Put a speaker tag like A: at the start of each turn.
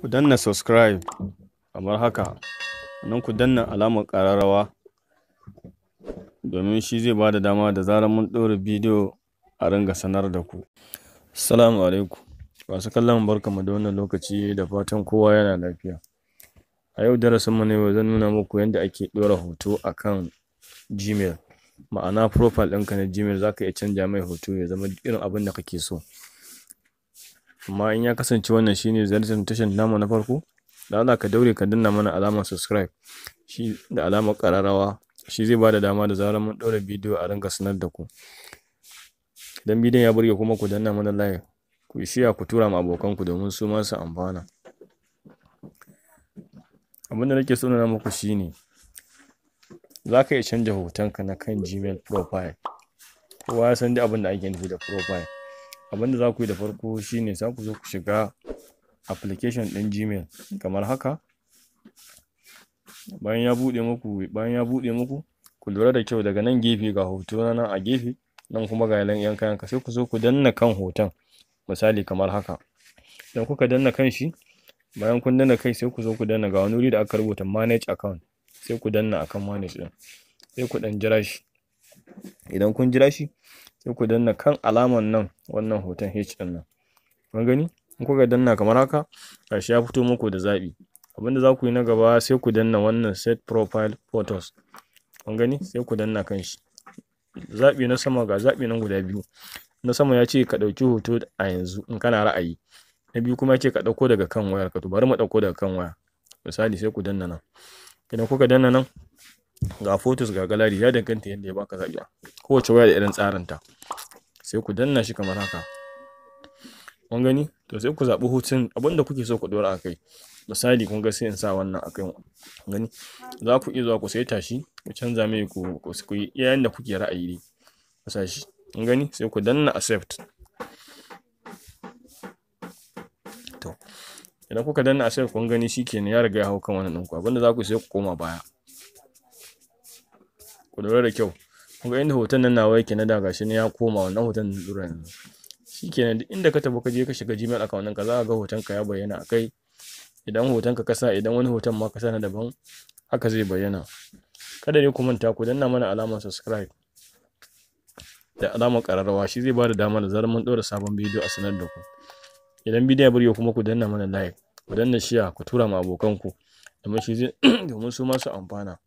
A: ku danna subscribe kamar haka nan ku danna alamar ƙararrawa domin shi zai ba da dama da zarar mun ɗora bidiyo a ringa sanar da ku salamu alaikum masu kallon mu da wannan lokaci da fatan kowa yana lafiya a yau darasin mu ne zan nuna muku yadda ake ɗora hoto akan gmail ma'ana profile ɗinka na gmail zaka ka iya canja mai hoto ya zama irin abin da kake so amma in ya kasance wannan shine ziyartar tashar namu na farko da Allah ka daure ka danna mana alamar subscribe shi da alamar kararrawa shi zai bada dama da zarar mun daura bidiyo a ranka sanar da ku idan bidiyon ya burge kuma ku danna mana like ku shiya ku tura ma abokan ku domin su ma su amfana abin da nake so na muku shine za ka iya canja hotonka na kan gmail profile kowa ya san duk abin da ake nufi da profile abinda za ku yi da farko shine za ku zo ku shiga application ɗin gmail kamar haka bayan ya buɗe muku ku lura da kyau daga nan gefe ga hoto na nan a gefe nan kuma ga nan yanka yanka sai ku zo ku danna kan hoton misali kamar haka idan kuka danna kan shi bayan kun danna kai sai ku zo ku danna ga wani wuri da aka rubuta manage account sai ku danna akan manage ɗin sai ku ɗan jira shi idan kun jira shi sai ku danna kan alaman nan wannan hoton h din nan kun gani in kuka danna kamar haka gashi ya fito muku da zabi abinda za ku yi na gaba sai ku danna wannan set profile photos kun gani sai ku danna kan shi zaɓi na sama ga zaɓi nan guda biyu na sama ya ce ka ɗauki hoto a yanzu in kana ra'ayi na biyu kuma ya ce ka ɗauko daga kan ka to bari mu ɗauko daga kan waya misali sai ku danna nan idan kuka danna nan ga photos ga gallery ya danganta yadda ya baka zaɓi kowace waya da irin tsarin ta sai ku danna shi kamar haka kun gani to sai ku zaɓi hotun abinda kuke so ku ɗora a kai misali kun ga sai in sa wannan akai gani za ku iya zuwa ku saita shi ku canza mai ku ku yi yayin da kuke ra'ayi ne ku sa shi kun gani sai ku danna accept to idan kuka danna accept kun gani shikenan ya riga ya hau kan wannan ɗinku abinda za ku sai ku koma baya ku lura da kyau ku ga inda hoton nan nawa yake na da gashi ne ya koma wannan hoton da lura yanzu shikenan duk inda ka tafi ka je ka shiga Gmail account ɗinka za ka ga hoton ka ya bayyana a kai idan hoton ka kasa idan wani hoton ma kasa na daban haka zai bayyana kada ne ku manta ku danna mana alamar subscribe da alamar kararrawa shi zai bada dama da zarar mun ɗora sabon bidiyo a sanar da ku idan bidiyo ya buryo kuma ku danna mana like ku danna shiya ku tura ma abokanku domin shi zai domin su ma amfana